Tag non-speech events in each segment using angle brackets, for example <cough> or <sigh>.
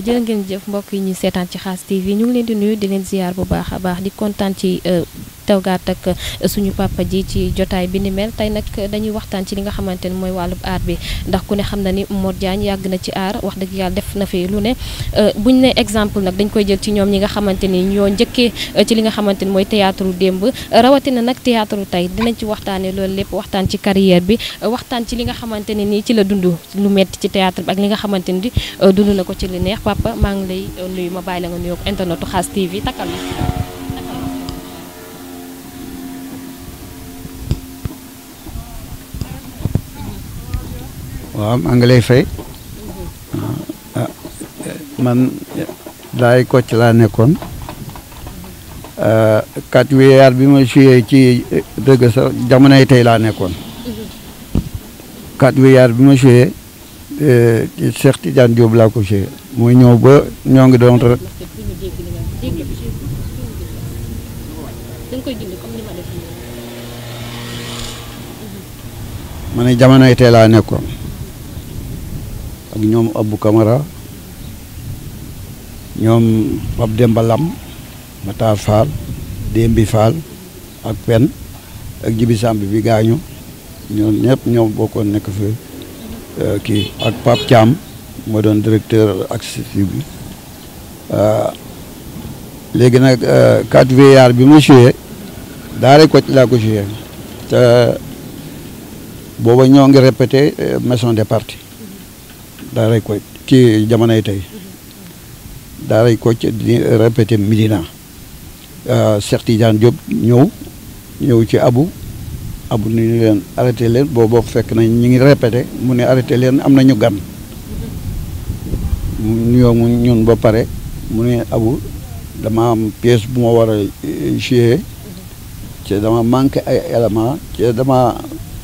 jërë ngeen jëf mbokk yi ñu seetaan ci xaas TV ñu ngi leen di nuyu di leen ziar bu baax a baax di kontaan ci. Euh, tewgaat ak uh, suñu papa ji ci jotaay bi ni mel tey nag dañuy waxtaan ci li nga xamante ni mooy wàllub aar bi ndax ku ne xam na ni Mor Diagne yàgg na ci aar wax dëgg yàlla def na fi lu ne uh, buñ ne exemple nag dañ koy jël ci ñoom ñi nga xamante ni ñoo njëkkee uh, ci li nga xamante ni mooy théâtre démb rawatina nag théâtre tey dinañ ci waxtaanee loolu lépp waxtaan ci carrière bi waxtaan ci li nga xamante ne nii ci la dund lu metti ci théâtre bi ak li nga xamante ni dund na ko ci li neex papa maa ngi lay nuyu ma bàyyi la nga nuyoog internetu Xaas TV takkal la waaw maa ngi lay fay ah, ah, man daay Kocc laa nekkoon ah, quatre weer bi ma suyee ci eh, dëgg sa jamonoy tey laa nekkoon quatre weer bi ma suyee eh, ci Cheikh ko suyee mooy ñëw ba ñoo ngi doon rek ma ne jamonoy tey laa nekkoon ak ñoom Abou Camara ñoom Pape dembalam Lam Matar Fall Dembi ak Pen ak Jibi Samb bi gaañu ñoom ñëpp ñoo bokkoon nekk fi euh, kii ak Pape Thiam moo doon directeur accessible bi euh, léegi nag 4 euh, VR bi ma joué daare ko laa ko joué te booba ñoo ngi répété maison des parties daaray ko ci jamonoy tey daaray ko ci di répété Médina euh, Cheikh Tidiane Diop ñëw ñëw ci abu abu ni ñu leen arrêté leen boobu fekk nañ ñu ngi répété mu ne arrêté leen am nañu gan ñoo mu ñun ba pare mu ne abu dama am pièce bu ma war a euh, jouer ci dama manqué ay élément ci dama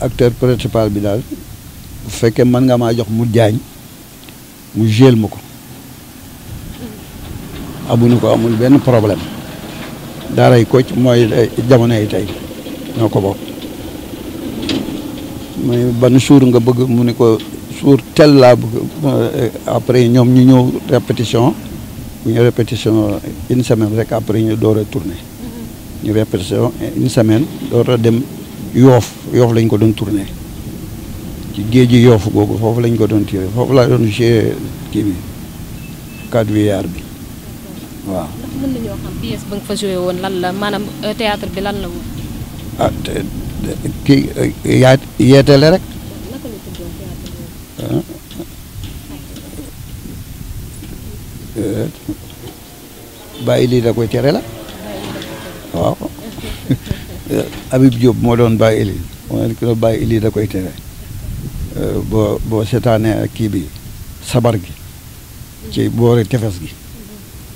acteur principal bi daal bu fekkee mën nga maa jox mu jaañ mu géel ma ko abu ko amul benn problème daaray Kocc mooy eh, jamono yi tey ñoo ko bokk muy bann suur nga bëgg mu ni ko suur tel laa bëgg eh, après ñoom ñu ñëw répétition bu ñu répétition une semaine rek après ñu door a tourné mm-hmm. ñu répétition une semaine door a dem yoof yoof lañ ko doon tourné ci géeji yoofu googu foofu lañ ko doon tiré foofu laa doon joué kii bi quadrillard bi waaw. ba nga woon lan la maanaam euh, théâtre bi lan la woon. ah te lii ah. euh, da koy tere la waaw <laughs> euh, Habib Diop moo doon bàyyi lii moo doon bàyyi lii da koy tere. boo boo seetaanee kii bi sabar gi ci boori tefes gi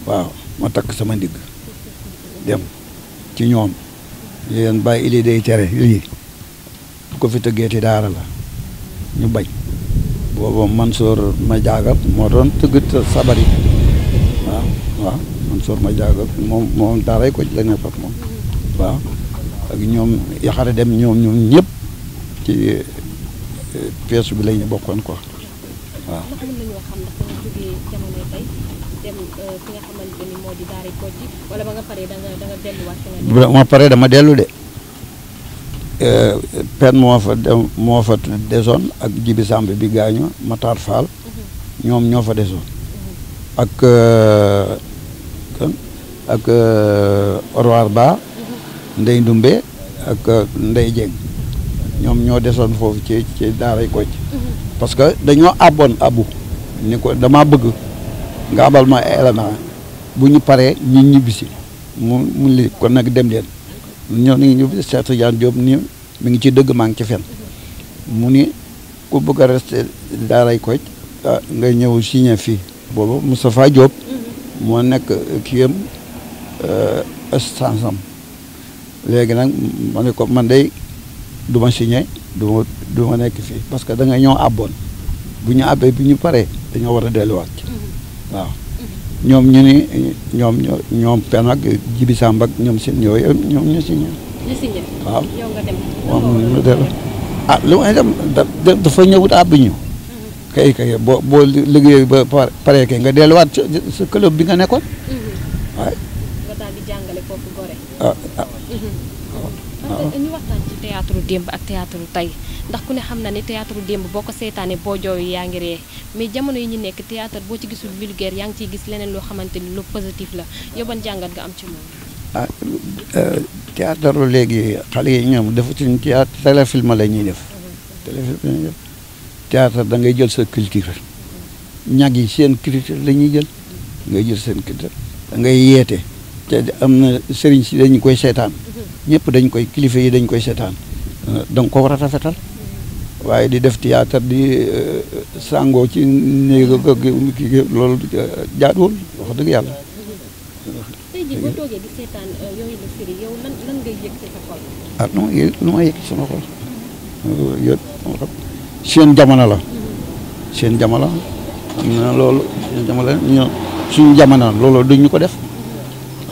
waaw ma takk sama ndigg dem ci ñoom leen bàyyi ili day tere lii ko fi tëggeeti daara la ñu bañ booba Mansour ma jaagal moo sabar yi waaw waaw ma jaagal moom moom daaray ko ci la nekkoon moom waaw ak ñoom yaxare dem ñoom ñoom ñépp ci pièce bi la ñu bokkoon ko waaw. ndax euh, ma paree dama dellu de euh, pen moo fa dem moo fa desoon ak Jibi Samb bi gaañu Matar Fall mhm. ñoom ñoo fa desoon mhm. ak euh, ak Orwar Ba mhm. Ndey Ndumbe ak Ndey Jeng ñoom ñoo desoon foofu ci ci daaray Kocc mhm. parce que dañoo aboon abu ni ko damaa bëgg nga abal ma ay élément bu ñu paree ñu ñibbisi mu mu li kon nag dem leen ñoo ngi ñibbisi Cheikh Tidiane Diop ni mi ngi ci dëgg maa ngi ci fen mhm. mu ni ku bëgg a resté daaray Kocc ah, nga ñëw signé fii boobu Moustapha Diop mhm. moo nekk kiyam assistance am euh, léegi nag ma ko man day du ma signé du ma nekk fii parce que da nga ñoo àbboon bu ñu àbbee bi ñu paree dañoo war a delluwaat ci mhm. waaw mhm. ñoom ñu ni ñoom ñoom pen ak jibi sàmb ak ñoom seen yooyu ñoom ñu signé waaw moom ñu dellu ah lu may dem dafa ñëwut àbb ñu mhm. kay kay boo liggéey ba pare kay nga delluwaat sa club bi nga nekkoon waaye nga théâtre démb ak théâtre tey ndax ku ne xam na ne théâtre démb boo ko seetaanee boo yaa ngi mais jamono yi ñu nekk théâtre boo ci gisul vulgaire yaa ngi ciy gis leneen xamante ni lu la yow jàngat am ci moom. Ah, euh, léegi xale yi ñoom defatuñu théâtre téléfilm la ñuy def. téléfilm la ñuy def théâtre da ngay jël sa culture. ñag yi seen culture la ñuy jël. ngay jël seen culture da yeete. te am na sëriñ si dañ koy seetaan mhm. ñëpp dañ koy kilifa yi dañ koy seetaan da nga ko war a rafetal waaye di def théâtre di euh, sàngoo ci néeg ak kii loolu euh, wax dëgg yàlla. tey sama xol yëpp jamono la. seen jamono am na loolu seen jamono jamono loolu duñ ko def.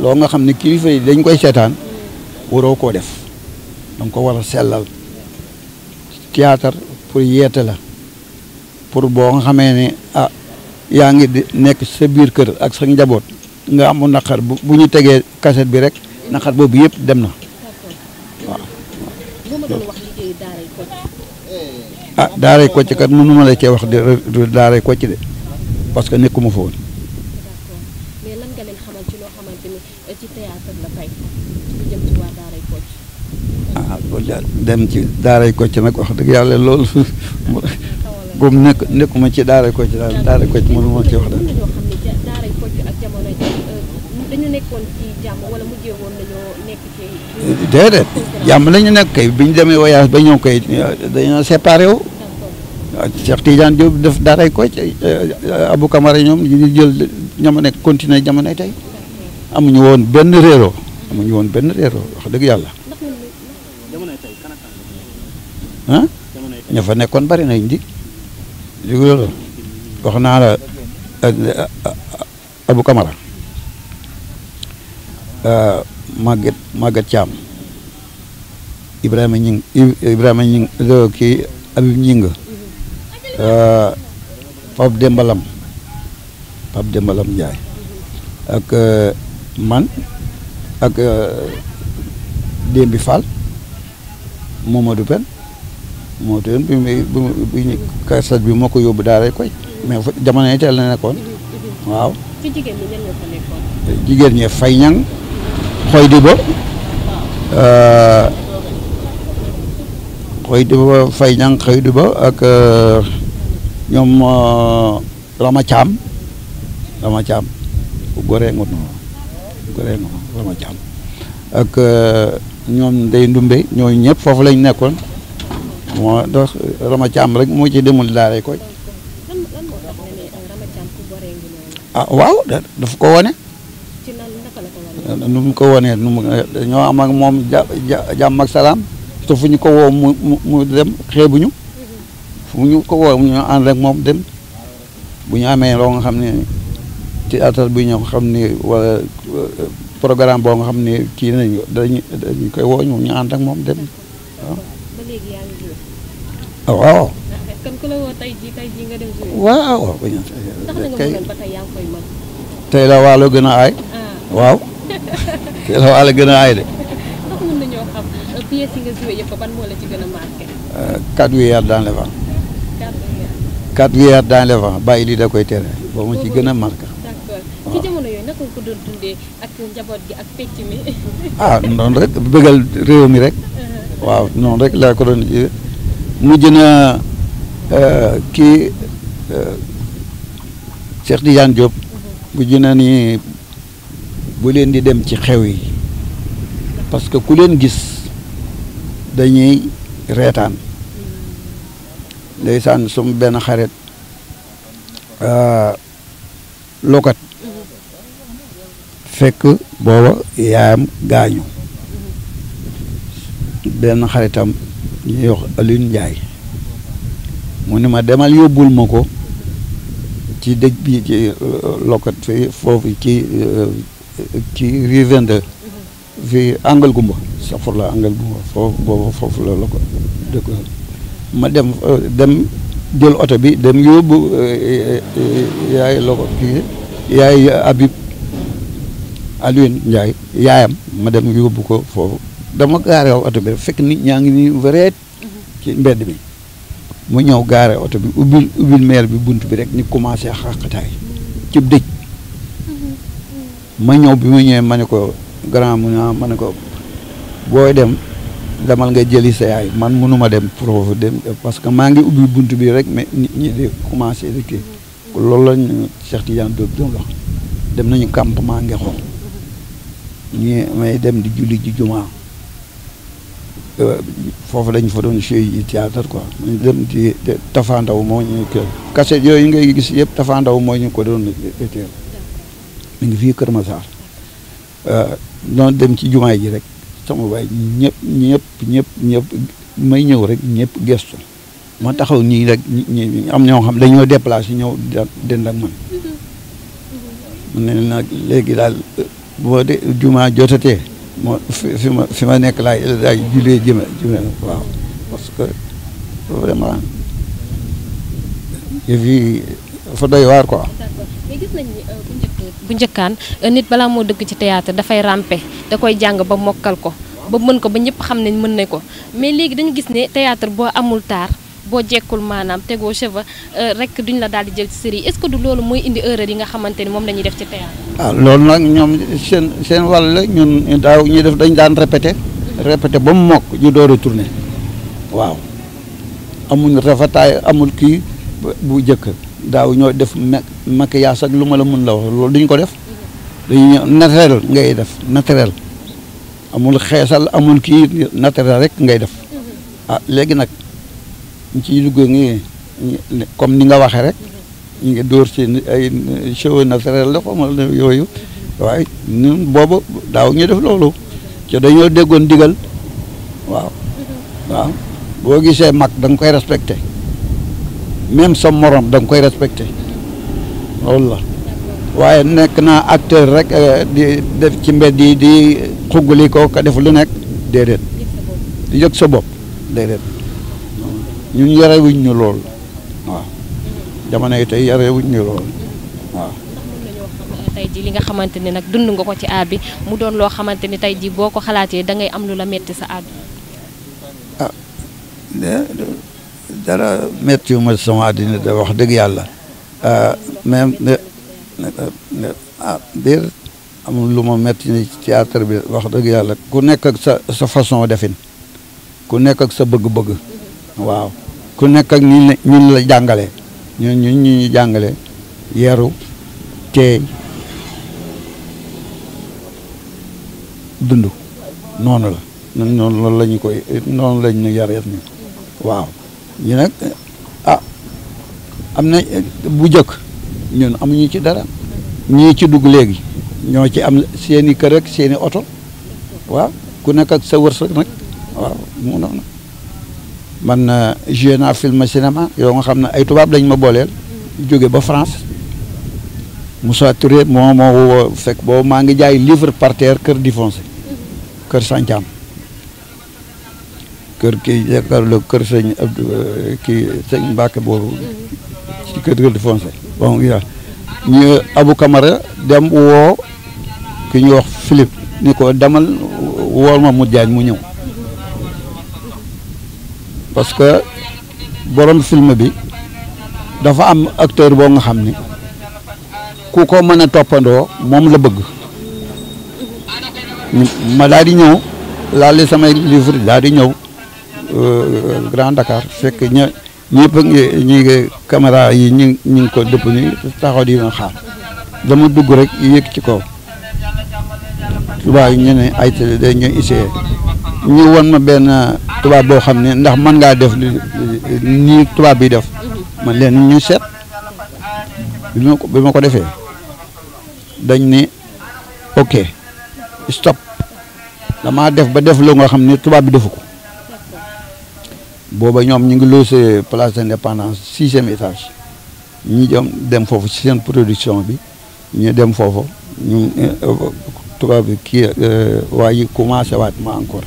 loo nga xam ne kilifa yi dañ koy seetaan waroo koo def danga ko war a sellal théâtre pour yeete la pour boo nga xamee ne ah yaa ngi nekk sa biir kër ak sa njaboot nga amoon naqar bu bu ñu tegee kaset bi rek naqar boobu yëpp dem na waaw. ah daaray Kocc kat mënu ma la cee wax de daaray Kocc de parce que nekkuma fa woon ah dem ci daaray Kocc nag wax dëgg yàlla loolu comme <laughs> nekk nekkuma ci daaray Kocc daal daaray Kocc mënu ci wax daal. Euh, eh, déedéet jàmm la ñu nekk kay bi ñu demee voyage ba ñëw kay dañoo séparé wu. waaw ah, Cheikh Tidiane def daaray Kocc eh, eh, Abou Camara ñoom ñu jël jamono continué jamono tey amuñu woon benn réeroo amuñu woon benn réeroo wax dëgg yàlla. ah nekkoon bari nañ di dégg wax naa la Abou Camara euh, Maguette Maguette Thiam Ñing Ibrahima Ñing kii Abib Ñing euh, Pape Dembalam Pape Dembalam Ndiaye ak euh, man ak Dembi Fall Momadou Pen moo taxoon bi muy bi muy bi moo ko yóbbu daara koy mais jamono yi teel na nekkoon waaw. ci jigéen ñi fay ñang xooy di ba. xooy ba ak euh, ñoom euh, Rama Thiam Rama Thiam goree ngut noonu goree ngut Rama Thiam ak euh, ñoom Ndeye Ndumbe ñooñu ñëpp foofu lañ nekkoon. moo tax Rama Thiam rek moo ci demul daaray koy a ah, waaw daf ko wone nu mu ko wanee nu ñoo am ak moom jàmm ak salaam te fu ñu ko woo mu mu dem xeebuñu fu ñu ko woo ñu ànd rek moom dem bu ñu amee loo nga xam ne théâtre bu ñëw xam ne wala euh, programme boo nga xam ne kii nañ dañu dañu koy woo ñu ñu ànd ak moom dem ah waaw. kon la woo tey jii tey jii waaw tey la waalo gën ah. <laughs> la waalo gën a aay de. ndax mën nañoo xam euh, pièces nga joué yëpp ban la ci gën euh, bàyyi lii da koy tere ba mu ci gën a marqué. ci jamono yooyu naka ko doon dundee ak njaboot gi ak pecc mi. ah noonu rek bëggal réew mi rek. <laughs> waaw noonu rek laa ko mujj na euh, kii euh, Cheikh Tidiane Diop mhm. mujj na ni bu leen di dem ci xew yi parce que ku leen gis dañuy reetaan mhm. ndeysaan sum benn xarit euh, lokat mhm. fekk booba yaayam gaañu benn xaritam ñu wax Alioune Ndiaye mu ni ma demal yóbbul ma ko ci dëj bi ci euh, lokat fi foofu ci euh, ci rue 22 fi angal gumba safurla angal gumba foofu boobu foofu la la dëkk ma euh, dem jël oto bi dem yóbbu yaay loko kii yaayam ma dem yóbbu ko foofu dama gaare oto bi fekk nit ñaa ngi nii wéreet ci mbedd bi mu ñëw gaare oto bi ubbil ubbil meer bi bunt bi rek ni commencé xaqataay cib dëj ma ñëw bi ma ñëwee ma ne ko grand mu ah, ma ne ko booy dem demal nga jëli sa yaay man mënuma dem pour dem parce que maa ngi ubbi bunt bi rek mais nit commencé di loolu la ñu Cheikh dem nañu campement ngi xool may dem di julli ji jumaa Euh, foofu lañ fa doon joué yi théâtre quoi ñu dem ci tafandaw moo ñu kër kaset yooyu ngay gis yëpp tafandaw moo ñu ko doon teel mi ngi fii Kër Massar euh, noonu dem ci jumaay ji rek sama waay ñëpp ñëpp ñëpp ñëpp may ñëw rek ñëpp gestu ma taxaw nii rek ñi am ñoo xam dañoo déplacé ñëw dend ak man mu mm-hmm. ne nag léegi daal boo de jumaa jotatee moo fi ma fi ma nekk laay laay julee jëme jëme waaw parce que vraiment yëf yi doy waar quoi. Euh, bu njëkk bu euh, nit balaa moo dëkk ci théâtre dafay rampe da koy jàng ba mokkal ko ba mën ko ba ñëpp xam nañ mën ne ko mais léegi dañu gis ne théâtre boo amul taar. boo jekkul maanaam tegoo cheva euh, rek duñ la daal di jël ci série est du loolu mooy indi erreur yi nga xamante ni moom la ñuy def ci théâtre ah loolu nag ñoom seen seen wàll la ñun daaw ñuy def dañ daan répété répété ba mu mokk ñu door a tourné waaw amuñ rafetaay amul kii bu jëkk daaw ñoo def maquillage ak lu ma la mun la wax loolu dañ ko def dañuy naturel ngay def naturel amul xeesal amul kii naturel rek ngay def ah léegi nag ñu ciy ngi comme ni nga waxee rek ñu ngi dóor ci ay show naturel la xamal ne yooyu waaye ñun booba daaw ñu def loolu ci dañoo déggoon digal waaw waaw boo gisee mag danga koy respecté même sa morom danga koy respecté loolu la waaye nekk naa acteur rek eh, di def ci mbedd yi di xuggali ko ko def lu nekk déedéet di yëg sa bopp déedéet ñun yarewuñ ñu loolu waaw jamono yi tey yaree wuñ ñu lool waaw. tey jii li nga xamante ni nag dund nga ko ci aar bi mu doon loo xamante ni tey boo ko xalaatee dangay am lu la metti sa àdduna. ah ma àddina da wax dëgg yàlla ah, même ah biir metti ni théâtre bi wax dëgg yàlla ku nekk ak sa sa façon defin ku nekk ak sa bëgg-bëgg mm-hmm. waaw ku nekk ak ni ñu la jàngalee. ñun ñu ñuy jàngale yaru teey dund noonu la ñun noonu loolu la ñu koy noonu lañ ñu yareet ñu waaw ñu nag ah, am na bu jëkk ñun amuñu ci dara ñii ci dugg léegi ñoo ci am seeni kër ak seeni oto waaw ku nekk ak sa wërsëg nag waaw man euh, joué naa film cinéma yoo nga xam na ay tubaab lañ ma booleel jóge ba France Moussa Touré moo moo fekk boobu maa ngi jaay livre par kër Difoncé kër Santiam kër kii jàkkaarloo kër sëñ Abdou euh, kii sëñ Mbacke boobu ci kër Difoncé bon ya ñu Abou Camara dem woo ki ñuy wax Philippe ni ko demal wool ma mu jaañ mu ñëw parce que borom film bi dafa am acteur boo nga xam ni ku ko mën a toppandoo moom la bëgg ma daal ñëw laale samay livre daal di ñëw euh, Grand Dakar fekk ña ñëpp ngi ñi yi ñu ñu ngi ko dëpp ni taxaw di ma dama dugg rek yéeg ci kaw tubaab yi ñu ne ay télé day ñu ma benn tubaab boo xam ne ndax mën ngaa def nii tubaab bi def man leen ñu seet bi ma ko defee dañ ne ok stop damaa def ba def lu nga xam ne tubaab bi defu ko booba ñoom ñu ngi loose place d'indépendance sixième étage ñu jëm dem foofu ci seen production bi ñu dem foofu ñu euh, tubaab bi kii euh, waa yi commencé waat ma encore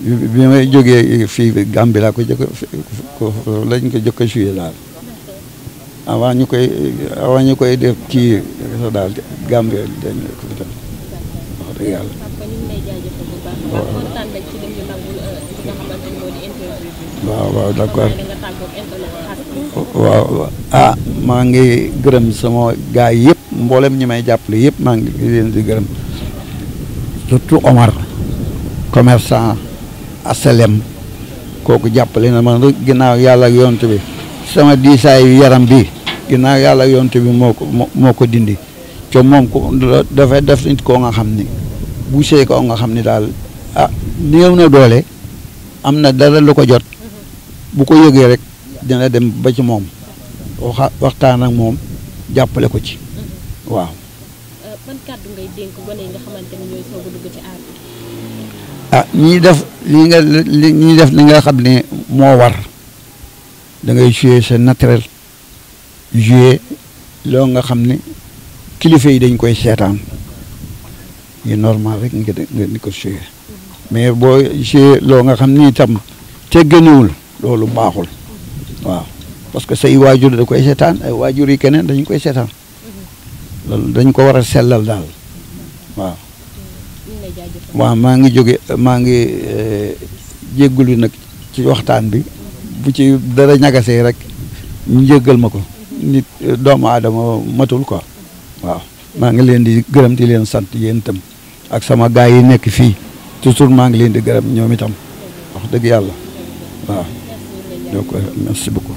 bi may jógee fii Gambie laa ko jëkk lañ ko jëkk a joué daal avant ñu koy avant ñu koy def kii sa daal Gambie dañ ko fi def wax dëgg yàlla. waaw waaw d'accord waaw ah maa ngi gërëm sama gaay yëpp mboolem ñi may jàppale yëpp maa ngi leen di gërëm surtout Omar commerçant. asalem kooku jàppale na man ginnaaw yàlla ak yonent bi sama diisaayu yaram bi ginnaaw yàlla ak bi moo ko moo ko dindi te moom ko dafay def nit koo nga xam ni bu see koo nga xam ni daal ah néew na doole am na dara lu ko jot bu ko yëgee rek dina dem ba ci moom waxtaan ak moom jàppale ko ci waaw. ah ñi def li nga li ñi def li nga xam ne moo war da ngay jouer sa naturel jouer loo nga xam ne kilifa yi dañ koy seetaan yi normal rek nga di ko jouer mais boo jouer loo nga xam ni itam te gënuwul loolu baaxul waaw parce que say waajur da koy seetaan ay waajur yi keneen dañ koy seetaan loolu dañ ko war a sellal daal waaw waaw maa ngi jóge maa ngi eh, jéggulu nag ci waxtaan bi bu ci dara ñagasee rek ñu jéggal ma ko nit doomu aadama matul ko waaw maa ngi leen di gërëm di leen sant yéen itam ak sama gaay yi nekk fii toujours maa ngi leen di gërëm ñoom itam wax dëgg yàlla waaw donc euh, merci